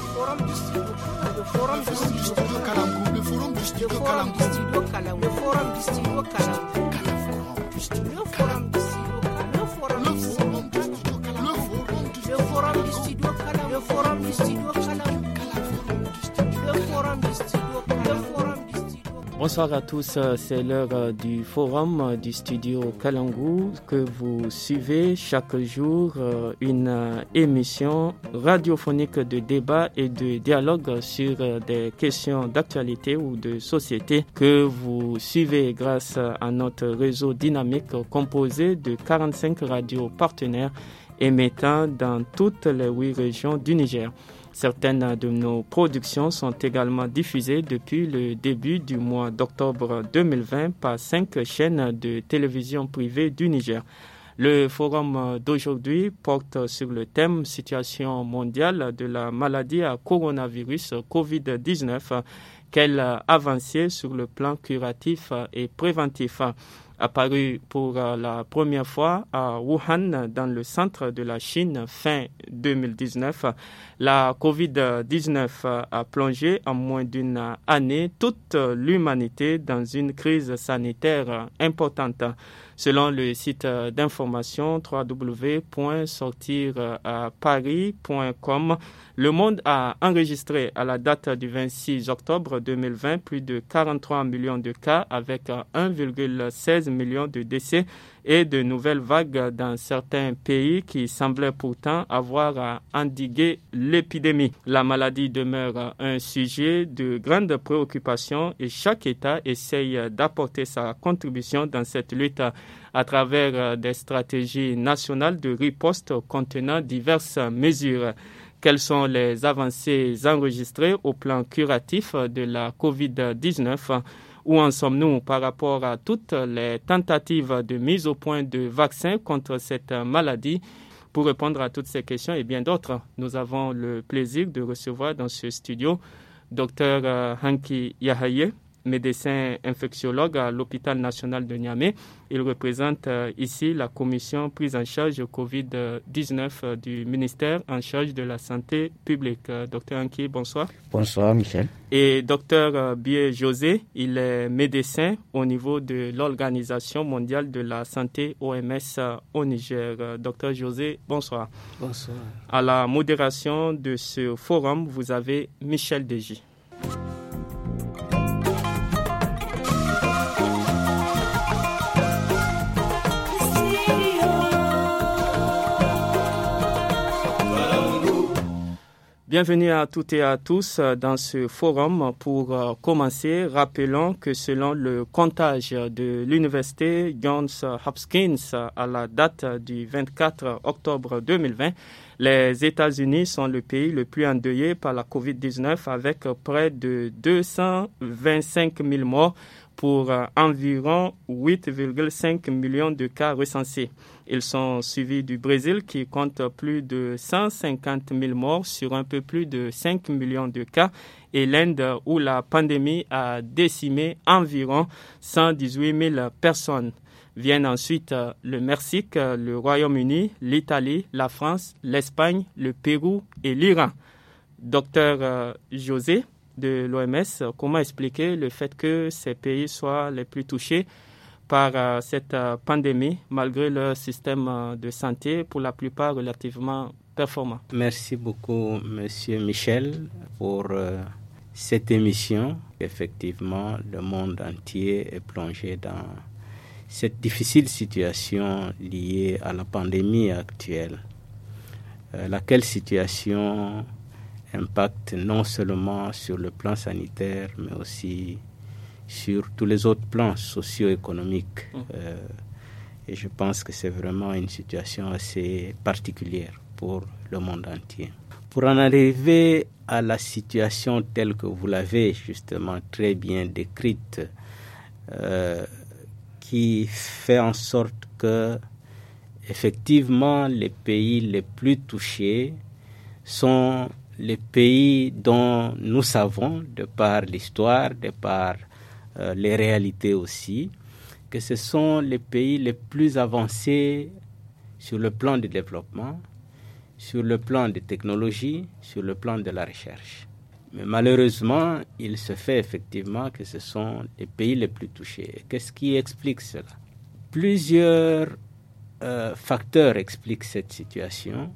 forum district le forum district le forum district le forum forum forum. Bonsoir à tous, euh, c'est l'heure euh, du forum euh, du studio Kalangou que vous suivez chaque jour une émission radiophonique de débat et de dialogue sur des questions d'actualité ou de société que vous suivez grâce à notre réseau dynamique composé de 45 radios partenaires émettant dans toutes les huit régions du Niger. Certaines de nos productions sont également diffusées depuis le début du mois d'octobre 2020 par cinq chaînes de télévision privées du Niger. Le forum d'aujourd'hui porte sur le thème Situation mondiale de la maladie à coronavirus COVID-19. Quelle avancée sur le plan curatif et préventif Apparu pour la première fois à Wuhan dans le centre de la Chine fin 2019, la COVID-19 euh, a plongé en moins d'une année toute l'humanité dans une crise sanitaire importante. Selon le site d'information www.sortirparis.com, le monde a enregistré à la date du 26 octobre 2020 plus de 43 millions de cas avec 1,16 million de décès et de nouvelles vagues dans certains pays qui semblaient pourtant avoir endigué l'épidémie. La maladie demeure un sujet de grande préoccupation et chaque État essaye d'apporter sa contribution dans cette lutte à travers des stratégies nationales de riposte contenant diverses mesures quelles sont les avancées enregistrées au plan curatif de la COVID-19 où en sommes-nous par rapport à toutes les tentatives de mise au point de vaccins contre cette maladie Pour répondre à toutes ces questions et bien d'autres, nous avons le plaisir de recevoir dans ce studio Dr euh, Hanki Yahaye, médecin infectiologue à l'hôpital national de Niamey. Il représente euh, ici la commission prise en charge Covid-19 euh, du ministère en charge de la santé publique. Euh, docteur Anki, bonsoir. Bonsoir, Michel. Et docteur Bié José, il est médecin au niveau de l'Organisation mondiale de la santé OMS au Niger. Docteur José, bonsoir. Bonsoir. À la modération de ce forum, vous avez Michel Deji. Bienvenue à toutes et à tous euh, dans ce forum. Pour euh, commencer, rappelons que selon le comptage de l'université Johns Hopkins à la date du 24 octobre 2020, les États-Unis sont le pays le plus endeuillé par la COVID-19 avec près de 225 000 morts pour euh, environ 8,5 millions de cas recensés. Ils sont suivis du Brésil qui compte plus de 150 000 morts sur un peu plus de 5 millions de cas et l'Inde où la pandémie a décimé environ 118 000 personnes. Viennent ensuite euh, le Mexique, euh, le Royaume-Uni, l'Italie, la France, l'Espagne, le Pérou et l'Iran. Docteur José, de l'OMS, comment expliquer le fait que ces pays soient les plus touchés par euh, cette euh, pandémie, malgré leur système euh, de santé, pour la plupart relativement performant. Merci beaucoup, Monsieur Michel, pour cette émission. Effectivement, le monde entier est plongé dans cette difficile situation liée à la pandémie actuelle, laquelle situation impact non seulement sur le plan sanitaire, mais aussi sur tous les autres plans socio-économiques. Mmh. Euh, et je pense que c'est vraiment une situation assez particulière pour le monde entier. Pour en arriver à la situation telle que vous l'avez justement très bien décrite, euh, qui fait en sorte que effectivement les pays les plus touchés sont les pays dont nous savons, de par l'histoire, de par euh, les réalités aussi, que ce sont les pays les plus avancés sur le plan du développement, sur le plan des technologies, sur le plan de la recherche. Mais malheureusement, il se fait effectivement que ce sont les pays les plus touchés. Qu'est-ce qui explique cela Plusieurs euh, facteurs expliquent cette situation.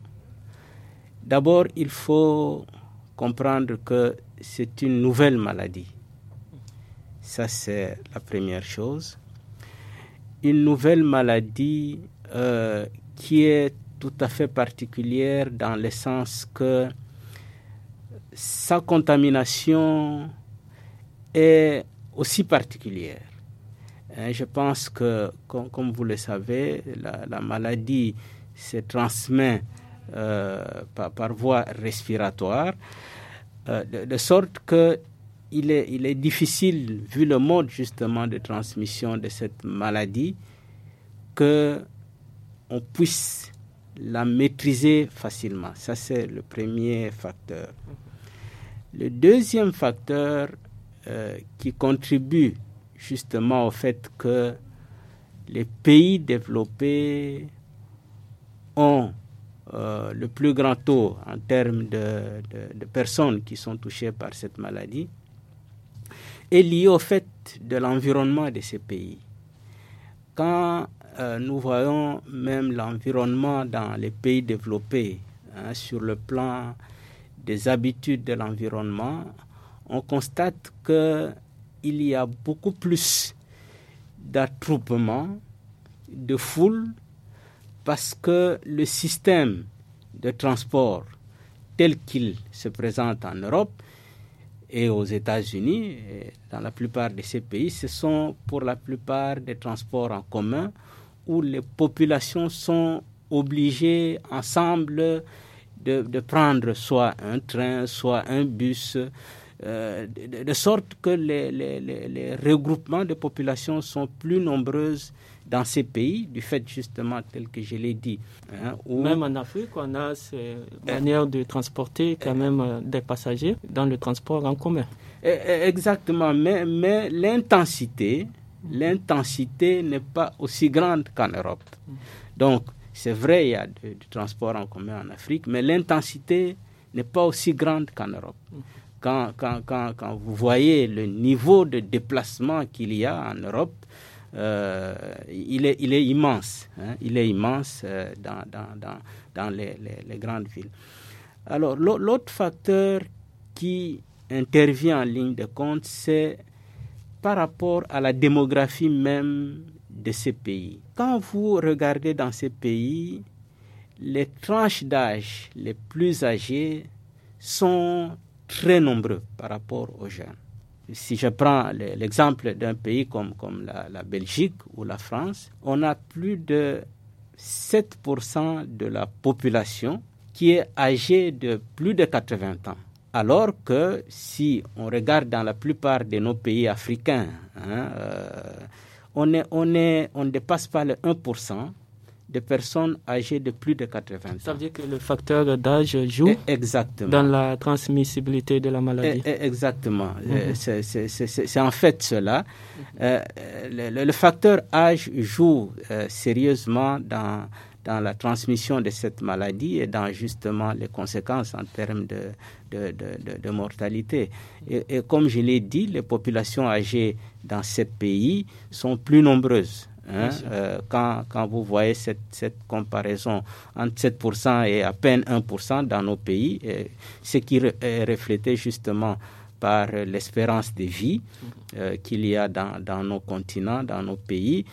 D'abord, il faut comprendre que c'est une nouvelle maladie. Ça, c'est la première chose. Une nouvelle maladie euh, qui est tout à fait particulière dans le sens que sa contamination est aussi particulière. Hein, je pense que, comme, vous le savez, la maladie se transmet euh, par, voie respiratoire, euh, de, sorte que il est, il est, difficile, vu le mode justement de transmission de cette maladie, que on puisse la maîtriser facilement. Ça, c'est le premier facteur. Le deuxième facteur euh, qui contribue justement au fait que les pays développés ont euh, le plus grand taux en termes de, personnes qui sont touchées par cette maladie est lié au fait de l'environnement de ces pays. Quand euh, nous voyons même l'environnement dans les pays développés hein, sur le plan des habitudes de l'environnement, on constate qu'il y a beaucoup plus d'attroupements, de foules parce que le système de transport tel qu'il se présente en Europe et aux États-Unis, dans la plupart de ces pays, ce sont pour la plupart des transports en commun où les populations sont obligées ensemble de, de prendre soit un train, soit un bus, euh, de, sorte que les, regroupements de populations sont plus nombreuses dans ces pays, du fait justement, tel que je l'ai dit. Hein, même en Afrique, on a cette manière de transporter quand même euh, des passagers dans le transport en commun. E, e, exactement, mais, mais l'intensité, l'intensité n'est pas aussi grande qu'en Europe. Donc, c'est vrai, il y a du, transport en commun en Afrique, mais l'intensité n'est pas aussi grande qu'en Europe quand, quand, quand, quand vous voyez le niveau de déplacement qu'il y a en Europe, euh, il, est, il est immense. Hein. il est immense euh, dans, dans, dans, dans les, les, les, grandes villes. Alors, l'autre facteur qui intervient en ligne de compte, c'est par rapport à la démographie même de ces pays. Quand vous regardez dans ces pays, les tranches d'âge les plus âgées sont très nombreux par rapport aux jeunes. Si je prends l'exemple d'un pays comme, comme la, Belgique ou la France, on a plus de 7% de la population qui est âgée de plus de 80 ans. Alors que si on regarde dans la plupart de nos pays africains, hein, euh, on, on, on ne dépasse pas le 1% des personnes âgées de plus de 80 ans. Ça veut dire que le facteur d'âge joue eh, exactement. dans la transmissibilité de la maladie. Eh, eh, exactement. Mhm. Euh, c'est en fait cela. Euh, le, facteur âge joue euh, sérieusement dans, dans la transmission de cette maladie et dans justement les conséquences en termes de, de, de, mortalité. Et, et comme je l'ai dit, les populations âgées dans ces pays sont plus nombreuses. Hein, euh, quand, vous voyez cette, cette, comparaison entre 7% et à peine 1% dans nos pays, euh, ce qui est reflété justement par euh, l'espérance de vie mm-hmm. qu'il y a dans, nos continents, dans nos pays,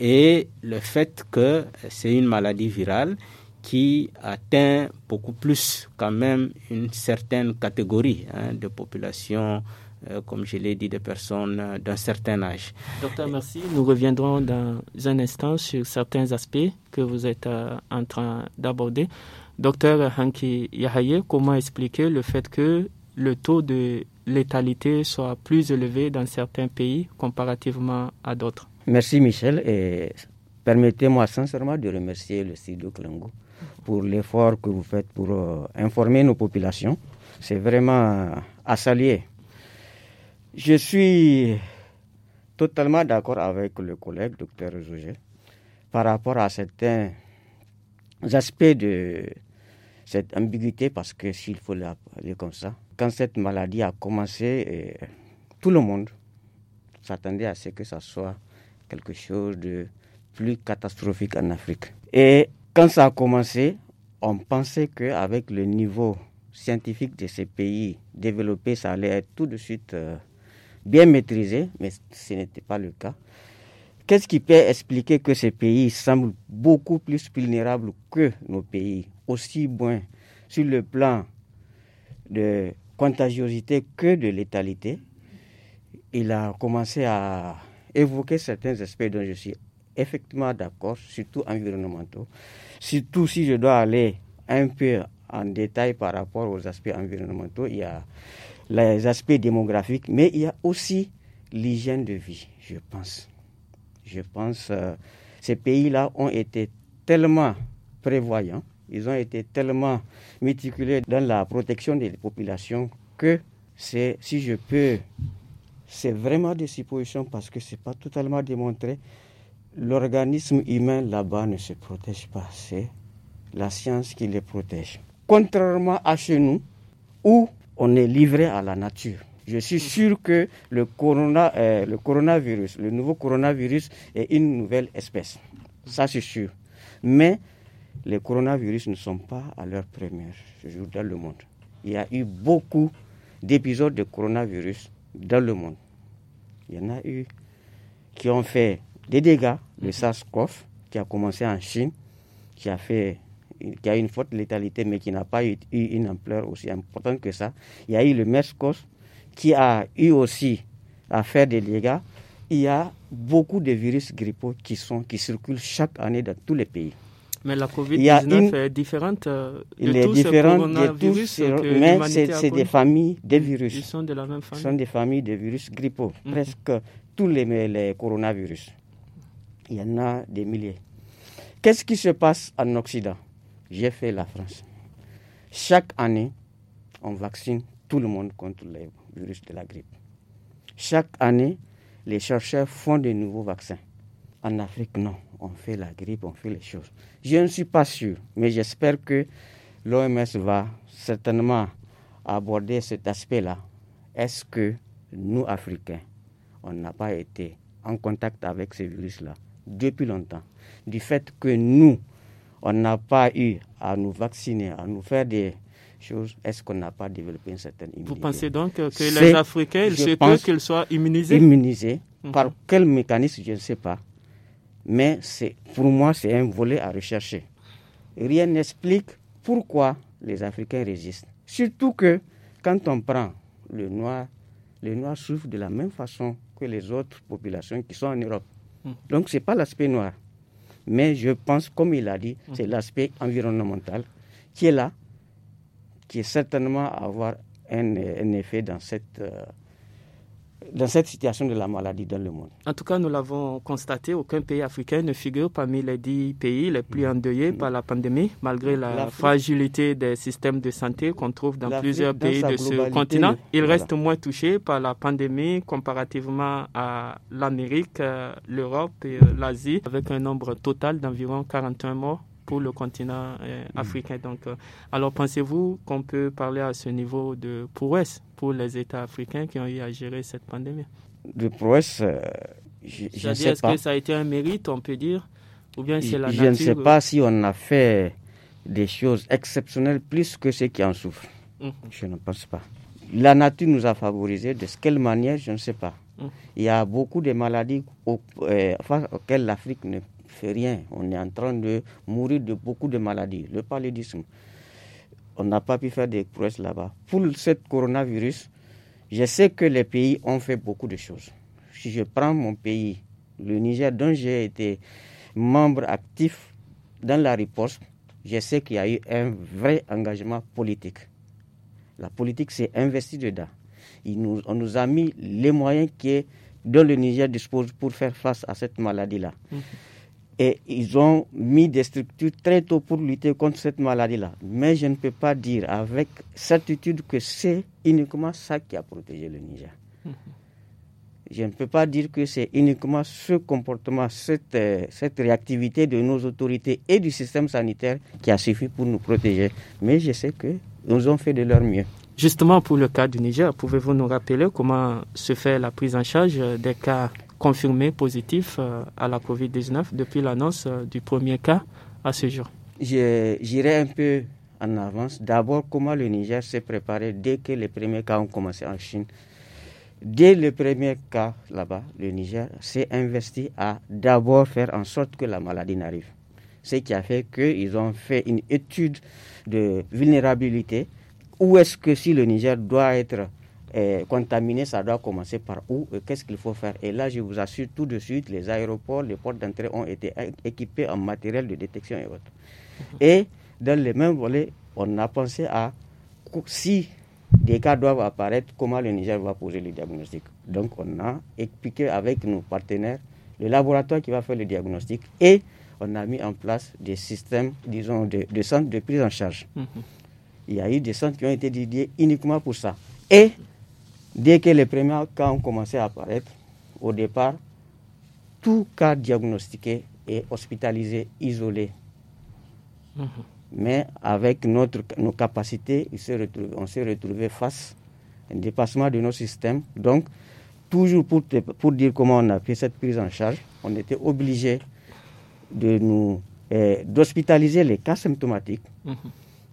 et le fait que c'est une maladie virale qui atteint beaucoup plus quand même une certaine catégorie hein, de population euh, comme je l'ai dit, des personnes euh, d'un certain âge. Docteur, merci. Nous reviendrons dans un instant sur certains aspects que vous êtes euh, en train d'aborder. Docteur Hanki Yahaye, comment expliquer le fait que le taux de létalité soit plus élevé dans certains pays comparativement à d'autres Merci Michel et permettez-moi sincèrement de remercier le studio Klango pour l'effort que vous faites pour informer nos populations. C'est vraiment à saluer je suis totalement d'accord avec le collègue docteur Zougé par rapport à certains aspects de cette ambiguïté, parce que s'il faut l'appeler comme ça, quand cette maladie a commencé, euh, tout le monde s'attendait à ce que ça soit quelque chose de plus catastrophique en Afrique. Et quand ça a commencé, on pensait qu'avec le niveau scientifique de ces pays développés, ça allait être tout de suite... Euh, bien maîtrisé, mais ce n'était pas le cas. Qu'est-ce qui peut expliquer que ces pays semblent beaucoup plus vulnérables que nos pays, aussi bien sur le plan de contagiosité que de létalité Il a commencé à évoquer certains aspects dont je suis effectivement d'accord, surtout environnementaux, surtout si je dois aller un peu en détail par rapport aux aspects environnementaux. Il y a les aspects démographiques, mais il y a aussi l'hygiène de vie, je pense. Je pense euh, ces pays-là ont été tellement prévoyants, ils ont été tellement méticuleux dans la protection des populations que c'est, si je peux, c'est vraiment des suppositions parce que ce n'est pas totalement démontré. L'organisme humain là-bas ne se protège pas, c'est la science qui les protège. Contrairement à chez nous, où on est livré à la nature. Je suis sûr que le, corona, euh, le coronavirus, le nouveau coronavirus est une nouvelle espèce. Ça, c'est sûr. Mais les coronavirus ne sont pas à leur première jour dans le monde. Il y a eu beaucoup d'épisodes de coronavirus dans le monde. Il y en a eu qui ont fait des dégâts. Le mhm. SARS-CoV qui a commencé en Chine, qui a fait qui a une forte létalité, mais qui n'a pas eu une ampleur aussi importante que ça. Il y a eu le mers qui a eu aussi à faire des dégâts. Il y a beaucoup de virus grippaux qui, sont, qui circulent chaque année dans tous les pays. Mais la COVID-19 est différente euh, de il est tous différent de tous, mais c'est des familles de virus. Ils sont de la même famille. Ils sont des familles de virus grippaux. Mhm. Presque tous les coronavirus. Il y en a des milliers. Qu'est-ce qui se passe en Occident j'ai fait la France. Chaque année, on vaccine tout le monde contre le virus de la grippe. Chaque année, les chercheurs font de nouveaux vaccins. En Afrique, non. On fait la grippe, on fait les choses. Je ne suis pas sûr, mais j'espère que l'OMS va certainement aborder cet aspect-là. Est-ce que nous, Africains, on n'a pas été en contact avec ce virus-là depuis longtemps Du fait que nous, on n'a pas eu à nous vacciner, à nous faire des choses, est-ce qu'on n'a pas développé une certaine immunité Vous pensez donc que les Africains, ils se qu'ils soient immunisés Immunisés. Mhm. Par quel mécanisme, je ne sais pas. Mais pour moi, c'est un volet à rechercher. Rien n'explique pourquoi les Africains résistent. Surtout que quand on prend le noir, les noirs souffrent de la même façon que les autres populations qui sont en Europe. Mhm. Donc, ce n'est pas l'aspect noir. Mais je pense, comme il a dit, c'est mhm. l'aspect environnemental qui est là, qui est certainement avoir un, effet dans cette euh, dans cette situation de la maladie dans le monde. En tout cas, nous l'avons constaté, aucun pays africain ne figure parmi les dix pays les plus endeuillés mm. par la pandémie, malgré la fragilité des systèmes de santé qu'on trouve dans plusieurs pays de ce continent. Il restent reste moins touché par la pandémie comparativement à l'Amérique, euh, l'Europe et euh, l'Asie, avec un nombre total d'environ 41 morts pour le continent euh, mm. africain. Donc, euh, alors pensez-vous qu'on peut parler à ce niveau de prouesse pour les États africains qui ont eu à gérer cette pandémie De prouesse, euh, je, ne sais pas. Est-ce que ça a été un mérite, on peut dire Ou bien c'est la je nature Je ne sais pas si on a fait des choses exceptionnelles plus que ceux qui en souffrent. Mm. Je ne pense pas. La nature nous a favorisés, de quelle manière, je ne sais pas. Mm. Il y a beaucoup de maladies auxquelles l'Afrique ne fait rien. On est en train de mourir de beaucoup de maladies, le paludisme. On n'a pas pu faire des prouesses là-bas. Pour ce coronavirus, je sais que les pays ont fait beaucoup de choses. Si je prends mon pays, le Niger, dont j'ai été membre actif dans la riposte, je sais qu'il y a eu un vrai engagement politique. La politique s'est investie dedans. Il nous, on nous a mis les moyens qui dont le Niger dispose pour faire face à cette maladie-là. Mhm. Et ils ont mis des structures très tôt pour lutter contre cette maladie-là. Mais je ne peux pas dire avec certitude que c'est uniquement ça qui a protégé le Niger. Mhm. Je ne peux pas dire que c'est uniquement ce comportement, cette, euh, cette réactivité de nos autorités et du système sanitaire qui a suffi pour nous protéger. Mais je sais que nous ont fait de leur mieux. Justement, pour le cas du Niger, pouvez-vous nous rappeler comment se fait la prise en charge des cas confirmé positif euh, à la COVID-19 depuis l'annonce euh, du premier cas à ce jour J'irai un peu en avance. D'abord, comment le Niger s'est préparé dès que les premiers cas ont commencé en Chine. Dès le premier cas là-bas, le Niger s'est investi à d'abord faire en sorte que la maladie n'arrive. Ce qui a fait qu'ils ont fait une étude de vulnérabilité. Où est-ce que si le Niger doit être eh, Contaminer, ça doit commencer par où Qu'est-ce qu'il faut faire Et là, je vous assure tout de suite, les aéroports, les portes d'entrée ont été équipés en matériel de détection et autres. Et dans le même volet, on a pensé à si des cas doivent apparaître, comment le Niger va poser le diagnostic. Donc on a expliqué avec nos partenaires le laboratoire qui va faire le diagnostic et on a mis en place des systèmes, disons, de, centres de prise en charge. Mmh Il y a eu des centres qui ont été dédiés uniquement pour ça. Et Dès que les premiers cas ont commencé à apparaître, au départ, tout cas diagnostiqué est hospitalisé, isolé. Mhm. Mais avec notre, nos capacités, on s'est retrouvé face à un dépassement de nos systèmes. Donc, toujours pour, dire comment on a fait cette prise en charge, on était obligé de eh, d'hospitaliser les cas symptomatiques, mhm.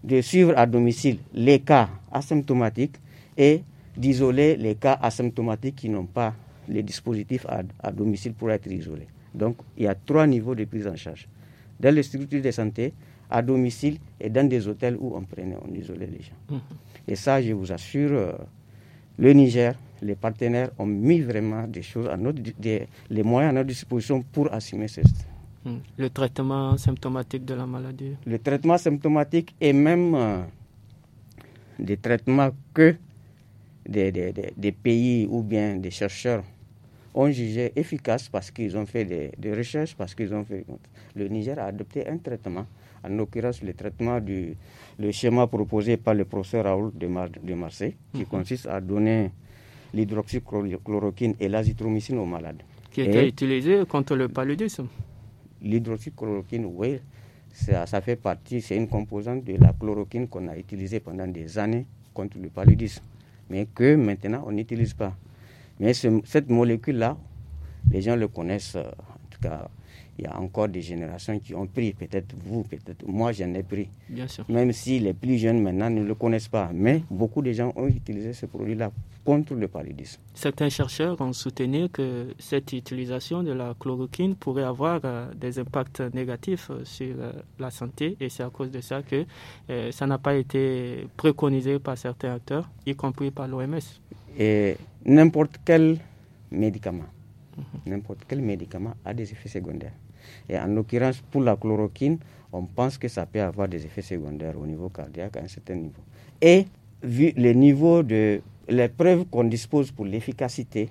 de suivre à domicile les cas asymptomatiques et d'isoler les cas asymptomatiques qui n'ont pas les dispositifs à, à, domicile pour être isolés. Donc, il y a trois niveaux de prise en charge. Dans les structures de santé, à domicile et dans des hôtels où on prenait, on isolait les gens. Hum. Et ça, je vous assure, euh, le Niger, les partenaires ont mis vraiment des choses des, les moyens à notre disposition pour assumer ce hum. Le traitement symptomatique de la maladie Le traitement symptomatique et même euh, des traitements que des, pays ou bien des chercheurs ont jugé efficace parce qu'ils ont fait des, recherches, parce qu'ils ont fait. Le Niger a adopté un traitement, en l'occurrence le traitement du le schéma proposé par le professeur Raoul de, Marseille, qui mhm. consiste à donner l'hydroxychloroquine et l'azithromycine aux malades. Qui était utilisé contre le paludisme L'hydroxychloroquine, oui, ça fait partie, c'est une composante de la chloroquine qu'on a utilisée pendant des années contre le paludisme mais que maintenant on n'utilise pas. Mais cette molécule-là, les gens le connaissent, euh, en tout cas il y a encore des générations qui ont pris, peut-être vous, peut-être moi, j'en ai pris. Bien sûr. Même si les plus jeunes maintenant ne le connaissent pas. Mais beaucoup de gens ont utilisé ce produit-là contre le paludisme. Certains chercheurs ont soutenu que cette utilisation de la chloroquine pourrait avoir euh, des impacts négatifs euh, sur euh, la santé et c'est à cause de ça que ça n'a pas été préconisé par certains acteurs, y compris par l'OMS. Et n'importe quel médicament Mhm. N'importe quel médicament a des effets secondaires. Et en l'occurrence, pour la chloroquine, on pense que ça peut avoir des effets secondaires au niveau cardiaque à un certain niveau. Et vu les niveaux de. Les preuves qu'on dispose pour l'efficacité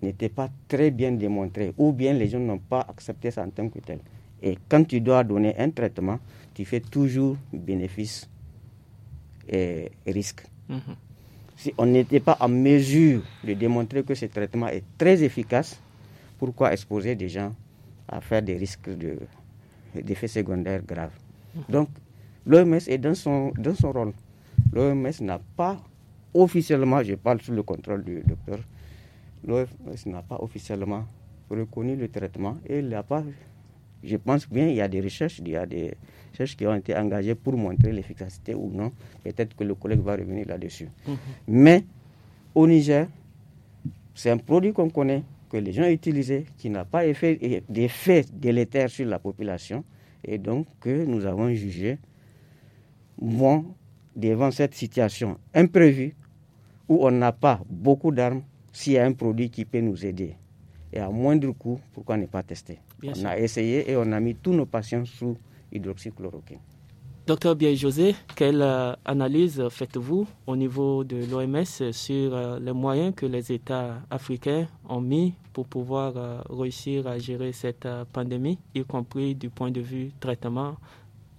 n'étaient pas très bien démontrées, ou bien les gens n'ont pas accepté ça en tant que tel. Et quand tu dois donner un traitement, tu fais toujours bénéfice et risque. Mhm si on n'était pas en mesure de démontrer que ce traitement est très efficace, pourquoi exposer des gens à faire des risques d'effets secondaires graves mhm. Donc, l'OMS est dans son, dans son rôle. L'OMS n'a pas officiellement, je parle sous le contrôle du docteur, l'OMS n'a pas officiellement reconnu le traitement et il n'a pas je pense bien il y a des recherches, il a des recherches qui ont été engagées pour montrer l'efficacité ou non. Peut-être que le collègue va revenir là-dessus. Mhm. Mais au Niger, c'est un produit qu'on connaît, que les gens utilisent, qui n'a pas d'effet délétère sur la population, et donc que nous avons jugé bon devant cette situation imprévue où on n'a pas beaucoup d'armes s'il y a un produit qui peut nous aider. Et à moindre coût, pourquoi ne pas tester on a essayé et on a mis tous nos patients sous hydroxychloroquine. Docteur Bien-José, quelle euh, analyse faites-vous au niveau de l'OMS sur euh, les moyens que les États africains ont mis pour pouvoir euh, réussir à gérer cette pandémie, y compris du point de vue traitement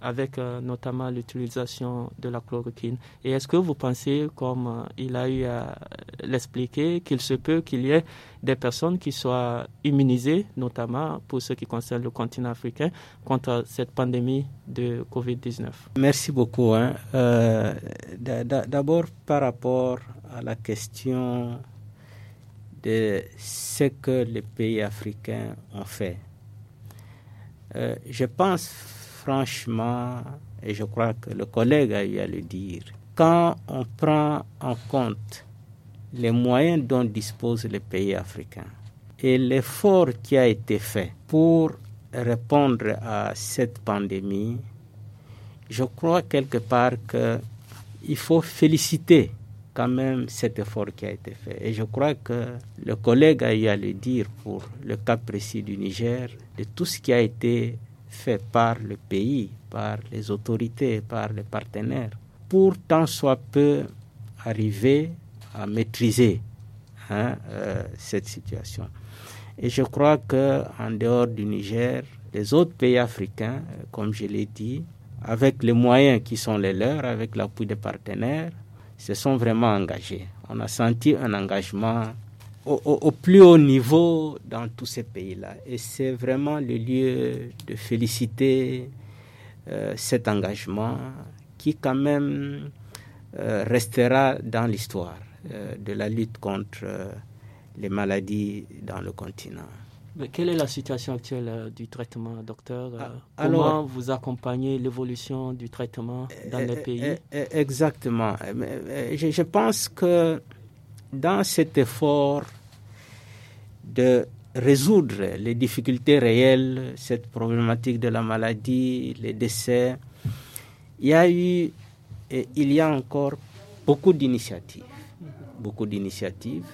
avec euh, notamment l'utilisation de la chloroquine. Et est-ce que vous pensez, comme euh, il a eu à l'expliquer, qu'il se peut qu'il y ait des personnes qui soient immunisées, notamment pour ce qui concerne le continent africain, contre cette pandémie de COVID-19 Merci beaucoup. Hein. Euh, d'abord, par rapport à la question de ce que les pays africains ont fait. je pense franchement, et je crois que le collègue a eu à le dire, quand on prend en compte les moyens dont disposent les pays africains et l'effort qui a été fait pour répondre à cette pandémie, je crois quelque part qu'il faut féliciter quand même cet effort qui a été fait. Et je crois que le collègue a eu à le dire pour le cas précis du Niger, de tout ce qui a été fait par le pays, par les autorités, par les partenaires, pour tant soit peu arriver à maîtriser hein, euh, cette situation. Et je crois que en dehors du Niger, les autres pays africains, euh, comme je l'ai dit, avec les moyens qui sont les leurs, avec l'appui des partenaires, se sont vraiment engagés. On a senti un engagement au, plus haut niveau dans tous ces pays-là. Et c'est vraiment le lieu de féliciter euh, cet engagement qui quand même euh, restera dans l'histoire euh, de la lutte contre les maladies dans le continent. Mais quelle est la situation actuelle du traitement, docteur ah, Comment vous accompagnez l'évolution du traitement dans eh, les eh, pays eh, Exactement. Je, je pense que dans cet effort de résoudre les difficultés réelles, cette problématique de la maladie, les décès, il y a eu et il y a encore beaucoup d'initiatives. Beaucoup d'initiatives.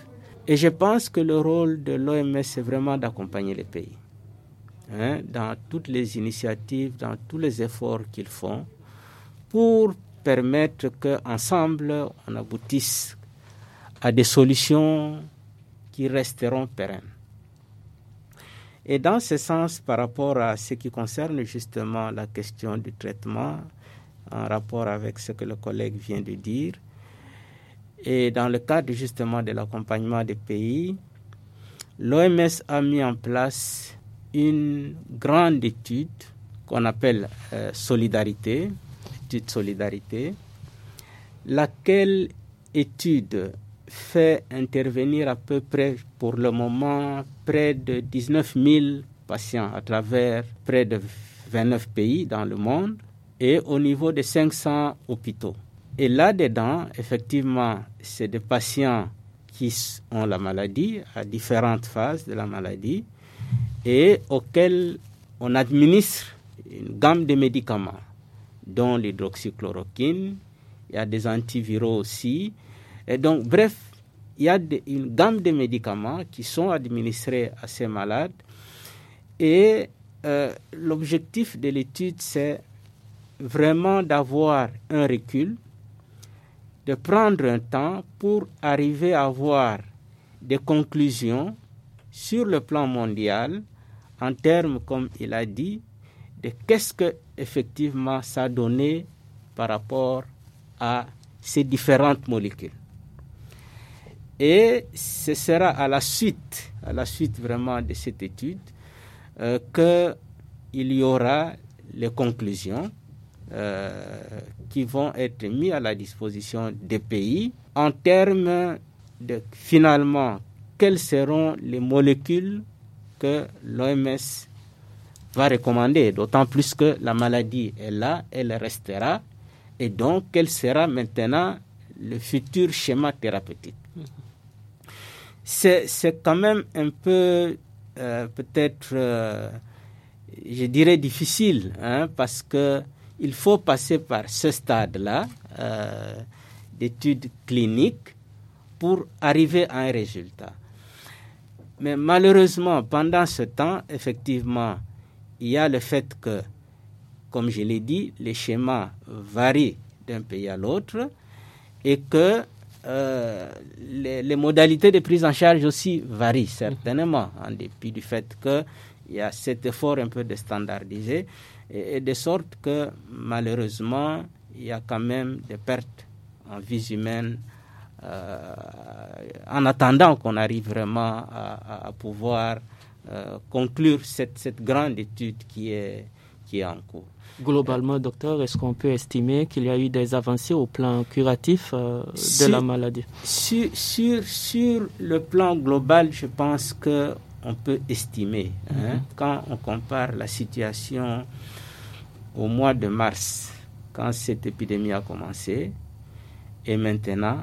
Et je pense que le rôle de l'OMS, c'est vraiment d'accompagner les pays. Hein, dans toutes les initiatives, dans tous les efforts qu'ils font, pour permettre qu'ensemble, on aboutisse à des solutions qui resteront pérennes. Et dans ce sens, par rapport à ce qui concerne justement la question du traitement, en rapport avec ce que le collègue vient de dire, et dans le cadre justement de l'accompagnement des pays, l'OMS a mis en place une grande étude qu'on appelle euh, Solidarité, étude Solidarité, laquelle étude fait intervenir à peu près, pour le moment, près de 19 000 patients à travers près de 29 pays dans le monde et au niveau de 500 hôpitaux. Et là-dedans, effectivement, c'est des patients qui ont la maladie, à différentes phases de la maladie, et auxquels on administre une gamme de médicaments, dont l'hydroxychloroquine, il y a des antiviraux aussi, donc, bref, il y a une gamme de médicaments qui sont administrés à ces malades. Et euh, l'objectif de l'étude, c'est vraiment d'avoir un recul, de prendre un temps pour arriver à avoir des conclusions sur le plan mondial en termes, comme il a dit, de qu'est-ce que effectivement ça donnait par rapport à ces différentes molécules. Et ce sera à la suite, à la suite vraiment de cette étude, euh, qu'il y aura les conclusions euh, qui vont être mises à la disposition des pays en termes de finalement quelles seront les molécules que l'OMS va recommander, d'autant plus que la maladie est là, elle restera, et donc quel sera maintenant le futur schéma thérapeutique. Mm-hmm c'est quand même un peu euh, peut-être, euh, je dirais, difficile, hein, parce que il faut passer par ce stade-là euh, d'études cliniques pour arriver à un résultat. Mais malheureusement, pendant ce temps, effectivement, il y a le fait que, comme je l'ai dit, les schémas varient d'un pays à l'autre et que euh, les, modalités de prise en charge aussi varient certainement, mhm. en dépit du fait qu'il y a cet effort un peu de standardiser, et, de sorte que malheureusement, il y a quand même des pertes en vie humaine euh, en attendant qu'on arrive vraiment à, pouvoir euh, conclure cette, cette grande étude qui est, qui est en cours. Globalement, docteur, est-ce qu'on peut estimer qu'il y a eu des avancées au plan curatif euh, de la maladie sur, le plan global, je pense qu'on peut estimer. Hein. Mm-hmm. Quand on compare la situation au mois de mars, quand cette épidémie a commencé, et maintenant,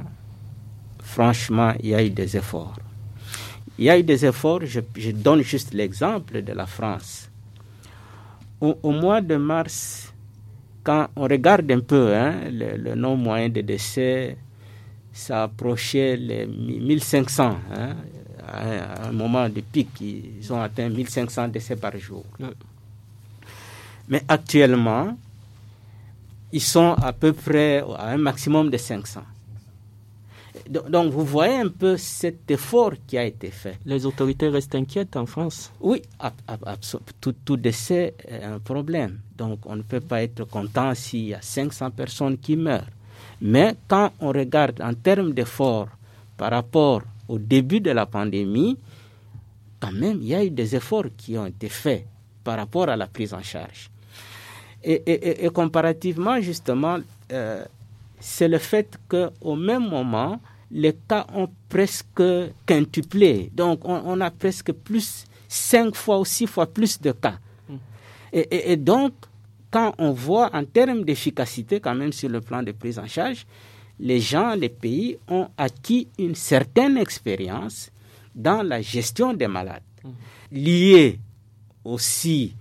franchement, il y a eu des efforts. Il y a eu des efforts, je donne juste l'exemple de la France au, mois de mars, quand on regarde un peu hein, le, nombre moyen de décès, ça approchait les 1500. Hein, à un moment de pic, ils ont atteint 1500 décès par jour. Mais actuellement, ils sont à peu près à un maximum de 500. Donc vous voyez un peu cet effort qui a été fait. Les autorités restent inquiètes en France Oui, tout, décès est un problème. Donc on ne peut pas être content s'il y a 500 personnes qui meurent. Mais quand on regarde en termes d'efforts par rapport au début de la pandémie, quand même, il y a eu des efforts qui ont été faits par rapport à la prise en charge. Et, et, comparativement, justement, euh, c'est le fait qu'au même moment, les cas ont presque quintuplé. Donc, on, a presque plus, cinq fois ou six fois plus de cas. Mm. Et, et, donc, quand on voit en termes d'efficacité, quand même sur le plan de prise en charge, les gens, les pays ont acquis une certaine expérience dans la gestion des malades, mm. liée aussi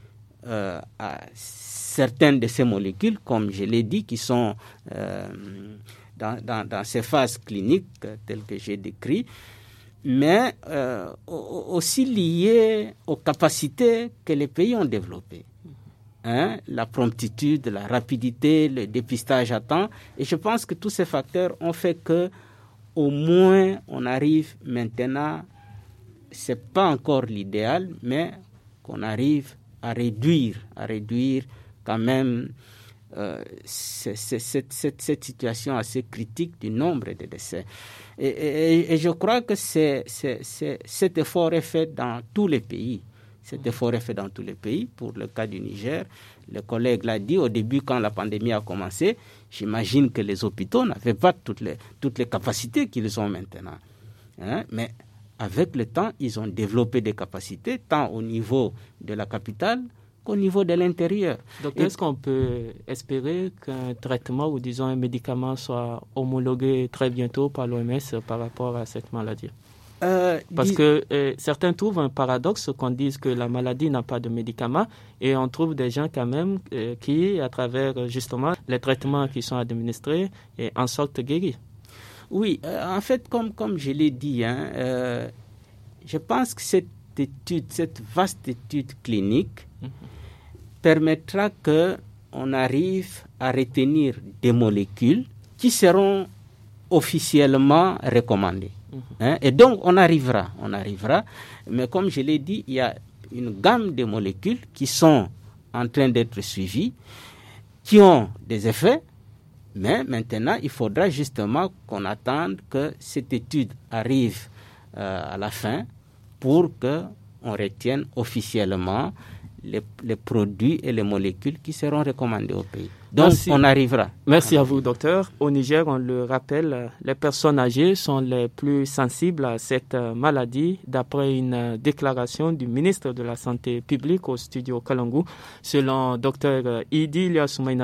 euh, à certaines de ces molécules, comme je l'ai dit, qui sont euh, dans, ces phases cliniques telles que j'ai décrites, mais euh, aussi liées aux capacités que les pays ont développées. Hein, la promptitude, la rapidité, le dépistage à temps. Et je pense que tous ces facteurs ont fait que, au moins, on arrive maintenant, ce n'est pas encore l'idéal, mais qu'on arrive à réduire, à réduire quand même euh, c'est, cette, situation assez critique du nombre de décès. Et, je crois que cet effort est fait dans tous les pays. Cet effort est fait dans tous les pays. Pour le cas du Niger, le collègue l'a dit au début quand la pandémie a commencé, j'imagine que les hôpitaux n'avaient pas toutes les, capacités qu'ils ont maintenant. Hein? Mais avec le temps, ils ont développé des capacités, tant au niveau de la capitale au niveau de l'intérieur. Donc, est-ce qu'on peut espérer qu'un traitement ou disons un médicament soit homologué très bientôt par l'OMS par rapport à cette maladie euh, Parce que euh, certains trouvent un paradoxe qu'on dise que la maladie n'a pas de médicament et on trouve des gens quand même euh, qui, à travers justement les traitements qui sont administrés, et en sortent guéris. Oui, en fait, comme, comme je l'ai dit, hein, je pense que cette étude, cette vaste étude clinique, mhm permettra que on arrive à retenir des molécules qui seront officiellement recommandées. Mhm. Hein? Et donc on arrivera, on arrivera. Mais comme je l'ai dit, il y a une gamme de molécules qui sont en train d'être suivies, qui ont des effets, mais maintenant il faudra justement qu'on attende que cette étude arrive euh, à la fin pour que on retienne officiellement les, produits et les molécules qui seront recommandés au pays. Merci. on arrivera. Merci ah. à vous, docteur. Au Niger, on le rappelle, les personnes âgées sont les plus sensibles à cette euh, maladie, d'après une euh, déclaration du ministre de la Santé publique au studio Kalangu. Selon docteur euh, Idi Liasoumaï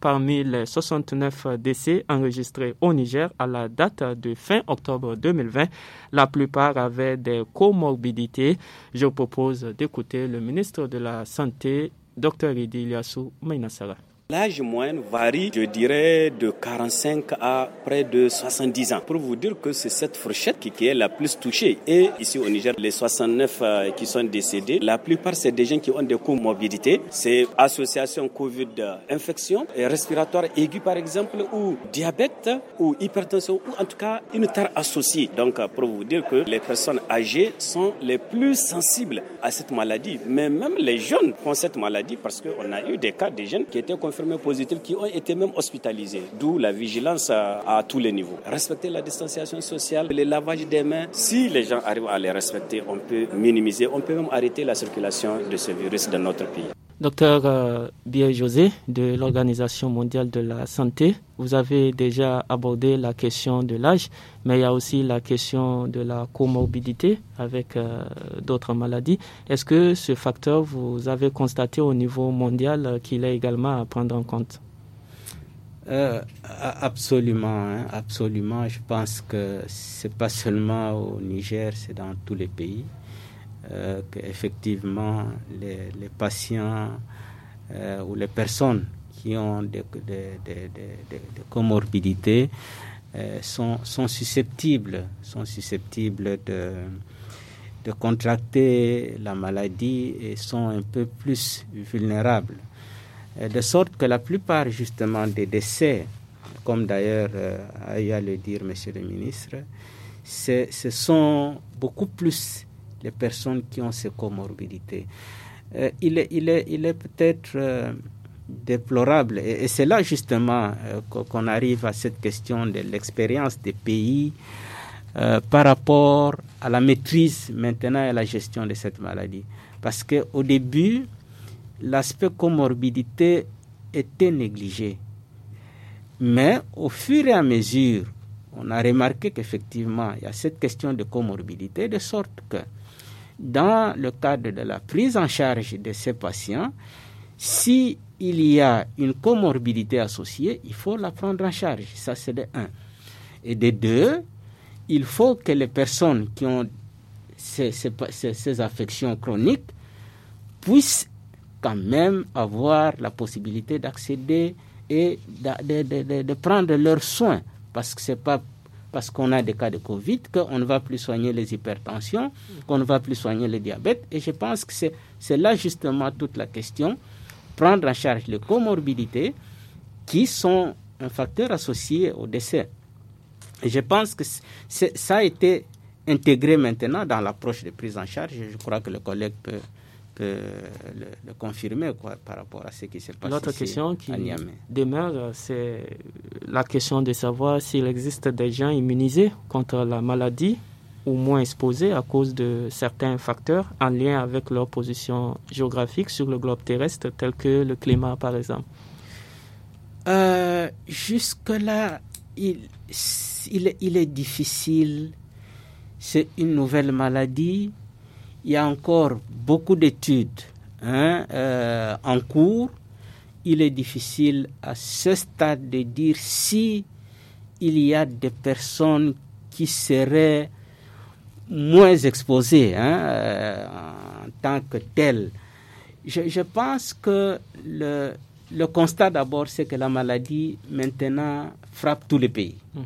parmi les 69 décès enregistrés au Niger à la date de fin octobre 2020, la plupart avaient des comorbidités. Je propose d'écouter le ministre de la Santé, docteur Idi Liasou Mainasara. L'âge moyen varie, je dirais, de 45 à près de 70 ans. Pour vous dire que c'est cette fourchette qui, est la plus touchée. Et ici au Niger, les 69 euh, qui sont décédés, la plupart c'est des gens qui ont des comorbidités. C'est association Covid, euh, infection et respiratoire aiguë par exemple, ou diabète, ou hypertension, ou en tout cas une terre associée. Donc euh, pour vous dire que les personnes âgées sont les plus sensibles à cette maladie. Mais même les jeunes font cette maladie parce qu'on a eu des cas de jeunes qui étaient confirmés positifs qui ont été même hospitalisés. D'où la vigilance à, à, tous les niveaux. Respecter la distanciation sociale, le lavage des mains. Si les gens arrivent à les respecter, on peut minimiser, on peut même arrêter la circulation de ce virus dans notre pays. Docteur euh, Bier-José de l'Organisation mondiale de la santé, vous avez déjà abordé la question de l'âge, mais il y a aussi la question de la comorbidité avec euh, d'autres maladies. Est-ce que ce facteur, vous avez constaté au niveau mondial euh, qu'il est également à prendre en compte Absolument, hein, absolument. Je pense que c'est pas seulement au Niger, c'est dans tous les pays. Euh, qu'effectivement les, patients euh, ou les personnes qui ont des, comorbidités euh, sont, sont, susceptibles, sont susceptibles de, de contracter la maladie et sont un peu plus vulnérables. de sorte que la plupart justement des décès, comme d'ailleurs a eu à le dire Monsieur le ministre, ce sont beaucoup plus les personnes qui ont ces comorbidités. Euh, il est, il est, il est peut-être euh, déplorable, et, c'est là justement euh, qu'on arrive à cette question de l'expérience des pays par rapport à la maîtrise maintenant et à la gestion de cette maladie. Parce qu'au début, l'aspect comorbidité était négligé. Mais au fur et à mesure, on a remarqué qu'effectivement, il y a cette question de comorbidité, de sorte que dans le cadre de la prise en charge de ces patients, si il y a une comorbidité associée, il faut la prendre en charge. Ça, c'est de un. Et de deux, il faut que les personnes qui ont ces, affections chroniques puissent quand même avoir la possibilité d'accéder et de, prendre leurs soins. Parce que c'est pas parce qu'on a des cas de Covid, qu'on ne va plus soigner les hypertensions, qu'on ne va plus soigner le diabète. Et je pense que c'est là justement toute la question, prendre en charge les comorbidités qui sont un facteur associé au décès. Et je pense que ça a été intégré maintenant dans l'approche de prise en charge. Je crois que le collègue peut que le, confirmer par rapport à ce qui s'est passé. L'autre question qui demeure, c'est la question de savoir s'il existe des gens immunisés contre la maladie ou moins exposés à cause de certains facteurs en lien avec leur position géographique sur le globe terrestre, tel que le climat par exemple. Euh, jusque-là, il, il est difficile. C'est une nouvelle maladie il y a encore beaucoup d'études hein, euh, en cours. Il est difficile à ce stade de dire si il y a des personnes qui seraient moins exposées hein, euh, en tant que telles. Je, pense que le, le constat d'abord, c'est que la maladie maintenant frappe tous les pays. Mhm.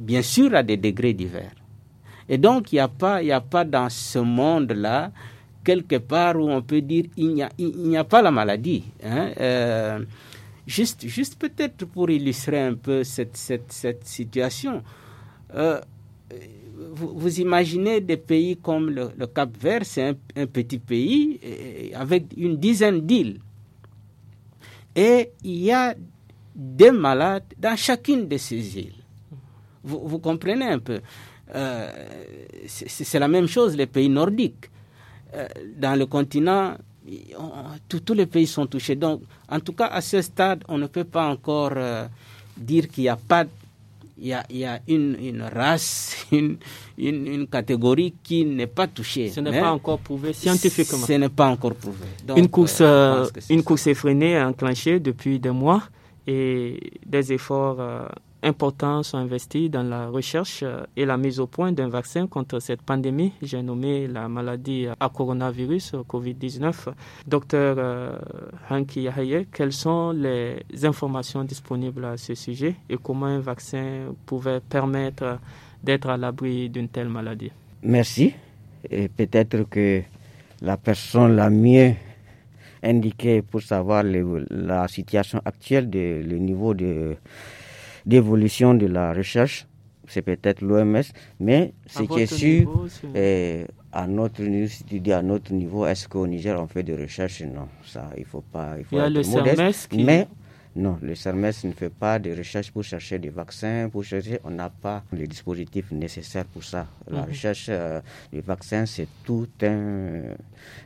Bien sûr à des degrés divers. Et donc, il n'y a, pas, a pas dans ce monde-là, quelque part où on peut dire il n'y a, a, pas la maladie. Hein, euh, juste juste peut-être pour illustrer un peu cette, cette, situation. Euh, vous, imaginez des pays comme le, Cap Vert, c'est un, petit pays euh, avec une dizaine d'îles. Et il y a des malades dans chacune de ces îles. vous comprenez un peu euh, c'est la même chose, les pays nordiques. Euh, dans le continent, tous les pays sont touchés. Donc, en tout cas, à ce stade, on ne peut pas encore euh, dire qu'il n'y a pas il y a, une, race, une, catégorie qui n'est pas touchée. Ce n'est pas encore prouvé scientifiquement. Ce n'est pas encore prouvé. une course, une course effrénée enclenchée depuis des mois et des efforts importants sont investis dans la recherche euh, et la mise au point d'un vaccin contre cette pandémie. J'ai nommé la maladie euh, à coronavirus, euh, COVID-19. Docteur Hanki Yahaye, quelles sont les informations disponibles à ce sujet et comment un vaccin pouvait permettre d'être à l'abri d'une telle maladie Merci. Et peut-être que la personne la mieux indiquée pour savoir la situation actuelle, le niveau de d'évolution de la recherche, c'est peut-être l'OMS, mais ce qui est sûr, eh, à notre niveau, à notre niveau, est-ce qu'au Niger on fait des recherches Non, ça il faut pas, il faut y a le non, le CERMES ne fait pas de recherche pour chercher des vaccins, pour chercher, on n'a pas les dispositifs nécessaires pour ça. La mhm. recherche euh, des vaccins, c'est tout un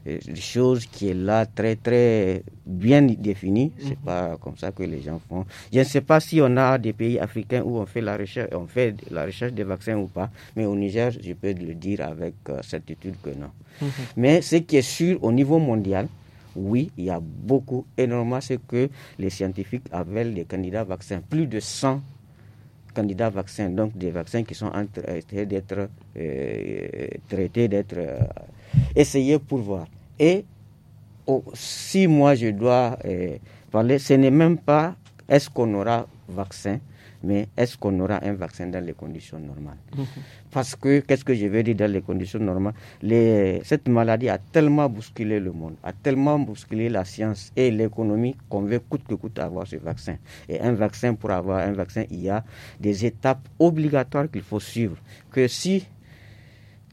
euh, chose qui est là très très bien définie. Ce C'est mhm. pas comme ça que les gens font. Je ne sais pas si on a des pays africains où on fait la recherche, on fait la recherche des vaccins ou pas, mais au Niger, je peux le dire avec euh, certitude que non. Mhm. Mais ce qui est sûr au niveau mondial, oui, il y a beaucoup, énormément, ce que les scientifiques appellent des candidats vaccins. Plus de 100 candidats vaccins, donc des vaccins qui sont en train d'être euh, traités, d'être euh, essayés pour voir. Et oh, si moi je dois euh, parler, ce n'est même pas est-ce qu'on aura vaccin, mais est-ce qu'on aura un vaccin dans les conditions normales mhm. Parce que, qu'est-ce que je veux dire dans les conditions normales Cette maladie a tellement bousculé le monde, a tellement bousculé la science et l'économie qu'on veut coûte que coûte avoir ce vaccin. Et un vaccin, pour avoir un vaccin, il y a des étapes obligatoires qu'il faut suivre. Que si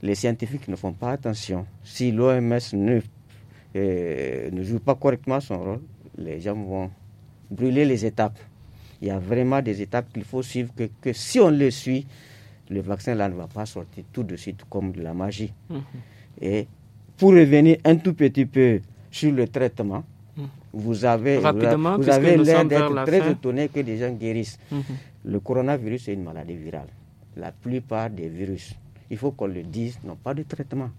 les scientifiques ne font pas attention, si l'OMS ne, euh, ne joue pas correctement son rôle, les gens vont brûler les étapes il y a vraiment des étapes qu'il faut suivre que, si on le suit, le vaccin là ne va pas sortir tout de suite comme de la magie. Mhm. Et pour revenir un tout petit peu sur le traitement, mhm. vous avez, vous avez l'air d'être très étonné que des gens guérissent. Mhm. Le coronavirus est une maladie virale. La plupart des virus, il faut qu'on le dise, n'ont pas de traitement.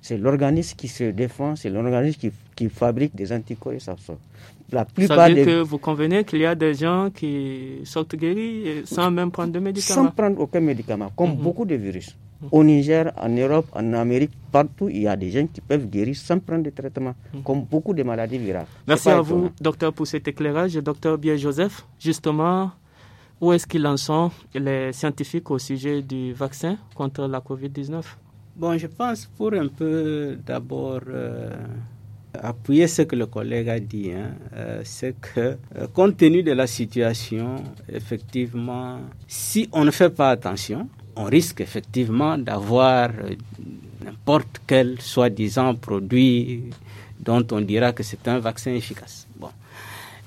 C'est l'organisme qui se défend, c'est l'organisme qui, qui, fabrique des anticorps et ça sort la que vous convenez qu'il y a des gens qui sortent guéris sans même prendre de médicaments Sans prendre aucun médicament, comme mhm. beaucoup de virus. Mhm. Au Niger, en Europe, en Amérique, partout, il y a des gens qui peuvent guérir sans prendre de traitement, mhm. comme beaucoup de maladies virales. Merci à vous, docteur, pour cet éclairage. Docteur Bier-Joseph, justement, où est-ce qu'ils en sont, les scientifiques, au sujet du vaccin contre la COVID-19 Bon, je pense pour un peu d'abord... Euh, appuyer ce que le collègue a dit, hein. euh, c'est que euh, compte tenu de la situation, effectivement, si on ne fait pas attention, on risque effectivement d'avoir euh, n'importe quel soi-disant produit dont on dira que c'est un vaccin efficace. Bon.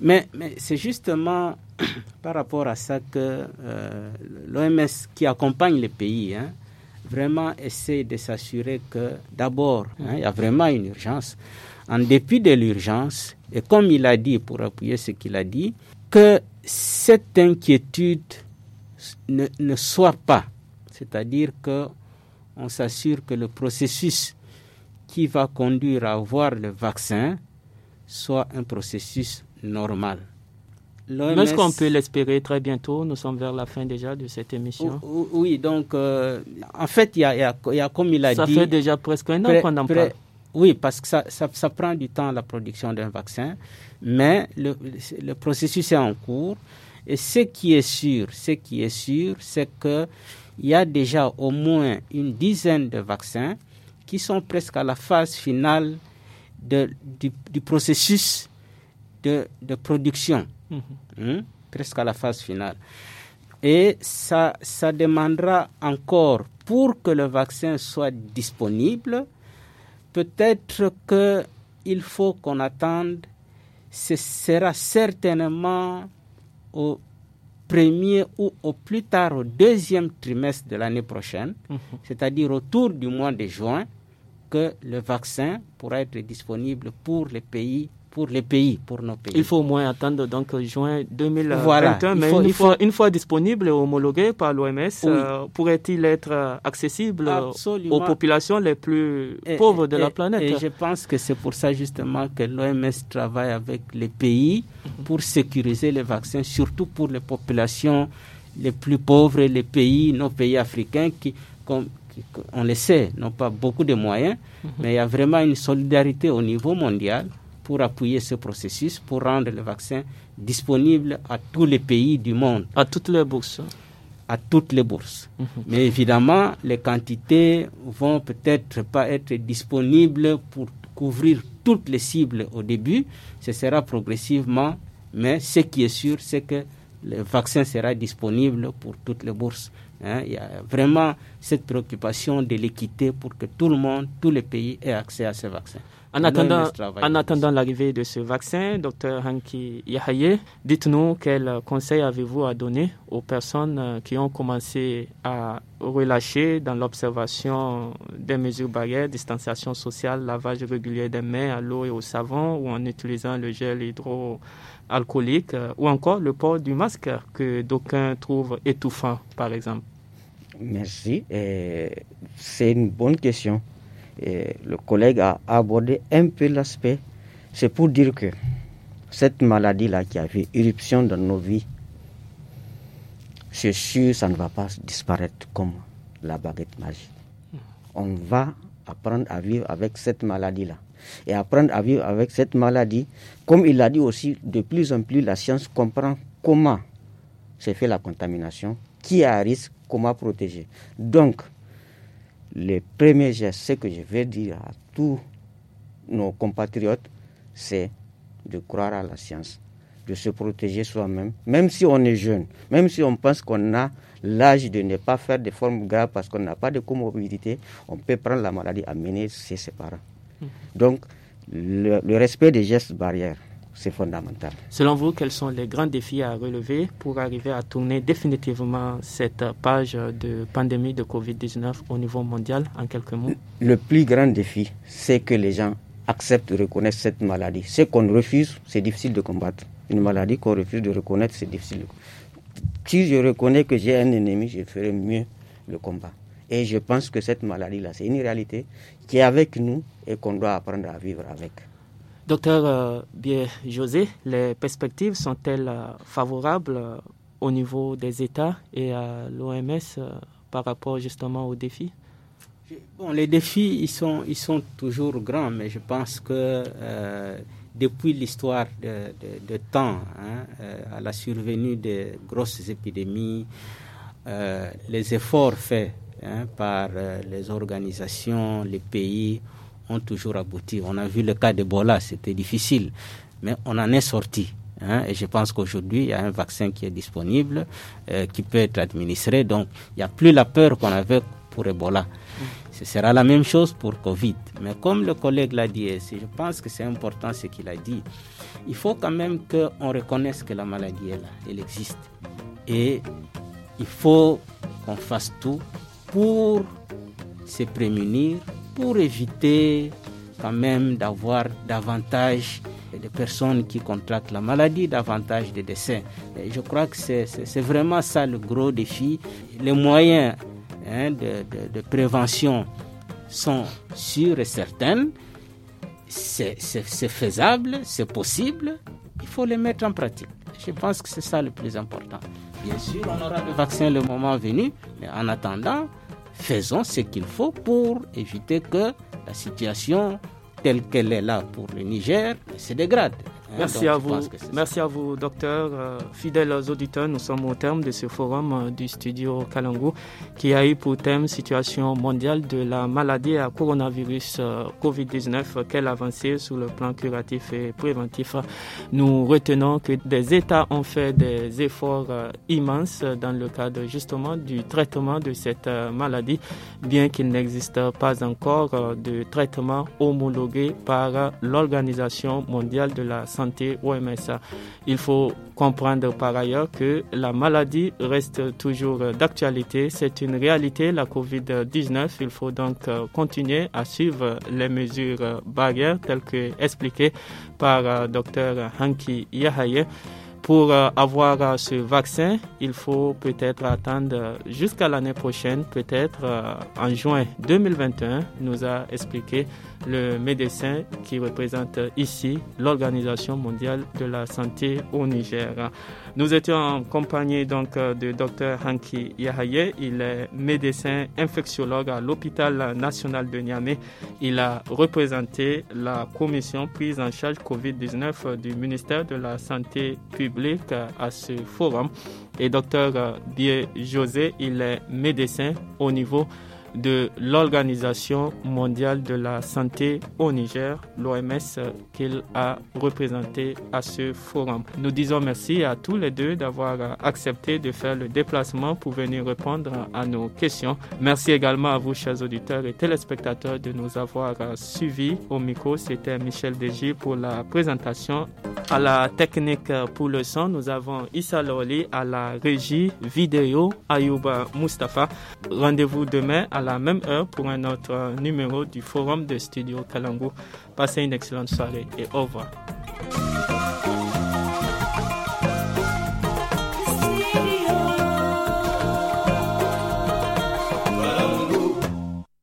Mais, c'est justement par rapport à ça que l'OMS qui accompagne les pays, hein, vraiment essaie de s'assurer que d'abord, hein, il y a vraiment une urgence en dépit de l'urgence, et comme il a dit, pour appuyer ce qu'il a dit, que cette inquiétude ne, ne soit pas, c'est-à-dire que on s'assure que le processus qui va conduire à avoir le vaccin soit un processus normal. Est-ce qu'on peut l'espérer très bientôt Nous sommes vers la fin déjà de cette émission. Oui, donc euh, en fait, il y, a, comme il a dit. Ça fait déjà presque un an qu'on en parle. Oui, parce que ça, prend du temps la production d'un vaccin, mais le, processus est en cours. Et ce qui est sûr, ce qui est sûr, c'est que il y a déjà au moins une dizaine de vaccins qui sont presque à la phase finale de, du, processus de, production, mm-hmm. hein? presque à la phase finale. Et ça, ça demandera encore, pour que le vaccin soit disponible, Peut-être qu'il faut qu'on attende, ce sera certainement au premier ou au plus tard au deuxième trimestre de l'année prochaine, mhm. c'est-à-dire autour du mois de juin, que le vaccin pourra être disponible pour les pays pour les pays, pour nos pays. Il faut au moins attendre donc juin 2021, voilà, mais une, Fois, disponible et homologué par l'OMS, euh, pourrait-il être euh, accessible aux populations les plus pauvres de la planète Et je pense que c'est pour ça justement que l'OMS travaille avec les pays pour sécuriser les vaccins, surtout pour les populations les plus pauvres, les pays, nos pays africains qui, comme, on le sait, n'ont pas beaucoup de moyens, mhm. mais il y a vraiment une solidarité au niveau mondial pour appuyer ce processus, pour rendre le vaccin disponible à tous les pays du monde. À toutes les bourses à toutes les bourses. Mhm. Mais évidemment, les quantités vont peut-être pas être disponibles pour couvrir toutes les cibles au début. Ce sera progressivement, mais ce qui est sûr, c'est que le vaccin sera disponible pour toutes les bourses. Hein. il y a vraiment cette préoccupation de l'équité pour que tout le monde, tous les pays aient accès à ce vaccin. En attendant, en attendant l'arrivée de ce vaccin, docteur Hanki Yahaye, dites-nous quel conseil avez-vous à donner aux personnes euh, qui ont commencé à relâcher dans l'observation des mesures barrières, distanciation sociale, lavage régulier des mains à l'eau et au savon ou en utilisant le gel hydroalcoolique euh, ou encore le port du masque que d'aucuns trouvent étouffant, par exemple. Merci. Euh, c'est une bonne question le collègue a abordé un peu l'aspect, c'est pour dire que cette maladie-là qui a fait irruption dans nos vies, c'est sûr, ça ne va pas disparaître comme la baguette magique. On va apprendre à vivre avec cette maladie-là. Et apprendre à vivre avec cette maladie, comme il l'a dit aussi, de plus en plus la science comprend comment se fait la contamination, qui est à risque, comment protéger. Donc, les premiers gestes que je vais dire à tous nos compatriotes, c'est de croire à la science, de se protéger soi-même, même si on est jeune, même si on pense qu'on a l'âge de ne pas faire des formes graves parce qu'on n'a pas de comorbidité, on peut prendre la maladie, amener mener ses parents. Mmh. Donc, le respect des gestes barrières, c'est fondamental. Selon vous, quels sont les grands défis à relever pour arriver à tourner définitivement cette page de pandémie de Covid-19 au niveau mondial, en quelques mois Le plus grand défi, c'est que les gens acceptent de reconnaissent cette maladie. Ce qu'on refuse, c'est difficile de combattre. Une maladie qu'on refuse de reconnaître, c'est difficile. Si je reconnais que j'ai un ennemi, je ferai mieux le combat. Et je pense que cette maladie-là, c'est une réalité qui est avec nous et qu'on doit apprendre à vivre avec. Docteur euh, Bier-José, les perspectives sont-elles euh, favorables euh, au niveau des États et à l'OMS par rapport justement aux défis les défis, ils sont, ils sont toujours grands, mais je pense que depuis l'histoire de, temps, hein, à la survenue des grosses épidémies, les efforts faits hein, par les organisations, les pays, ont toujours abouti. On a vu le cas d'Ebola, c'était difficile, mais on en est sorti. Hein. et je pense qu'aujourd'hui, il y a un vaccin qui est disponible, euh, qui peut être administré. Donc, il n'y a plus la peur qu'on avait pour Ebola. Ce sera la même chose pour Covid. Mais comme le collègue l'a dit, et je pense que c'est important ce qu'il a dit, il faut quand même qu'on reconnaisse que la maladie est là, elle existe. Et il faut qu'on fasse tout pour se prémunir, pour éviter quand même d'avoir davantage de personnes qui contractent la maladie, davantage de décès. Et je crois que c'est vraiment ça le gros défi. Les moyens hein, de, de prévention sont sûrs et certains. C'est faisable, c'est possible. Il faut les mettre en pratique. Je pense que c'est ça le plus important. Bien sûr, on aura le vaccin le moment venu, mais en attendant, faisons ce qu'il faut pour éviter que la situation telle qu'elle est là pour le Niger se dégrade. Hein, Merci à vous. Merci à vous, docteur. Euh, fidèles auditeurs, nous sommes au terme de ce forum euh, du studio Kalangu qui a eu pour thème Situation mondiale de la maladie à coronavirus euh, COVID-19. Quelle avancée sur le plan curatif et préventif. Nous retenons que des États ont fait des efforts immenses dans le cadre justement du traitement de cette maladie, bien qu'il n'existe pas encore de traitement homologué par l'Organisation mondiale de la santé Santé Il faut comprendre par ailleurs que la maladie reste toujours d'actualité. C'est une réalité, la COVID-19. Il faut donc euh, continuer à suivre les mesures barrières telles que expliquées par euh, Dr Hanki Yahaye pour euh, avoir euh, ce vaccin, il faut peut-être attendre jusqu'à l'année prochaine, peut-être euh, en juin 2021, nous a expliqué le médecin qui représente ici l'Organisation mondiale de la santé au Niger. Nous étions en compagnie donc de Dr Hanki Yahaye. Il est médecin infectiologue à l'hôpital national de Niamey. Il a représenté la commission prise en charge COVID-19 du ministère de la Santé publique. Euh, à ce forum. Et docteur euh, Die José, il est médecin au niveau de l'Organisation mondiale de la santé au Niger, l'OMS, qu'il a représenté à ce forum. Nous disons merci à tous les deux d'avoir accepté de faire le déplacement pour venir répondre à nos questions. Merci également à vous, chers auditeurs et téléspectateurs, de nous avoir suivis. Au micro, c'était Michel Deji pour la présentation. À la technique pour le son, nous avons Issa Loli à la régie vidéo, Ayouba Mustafa. Rendez-vous demain à la même heure pour un autre euh, numéro du Forum de Studio Kalango. Passez une excellente soirée et au revoir.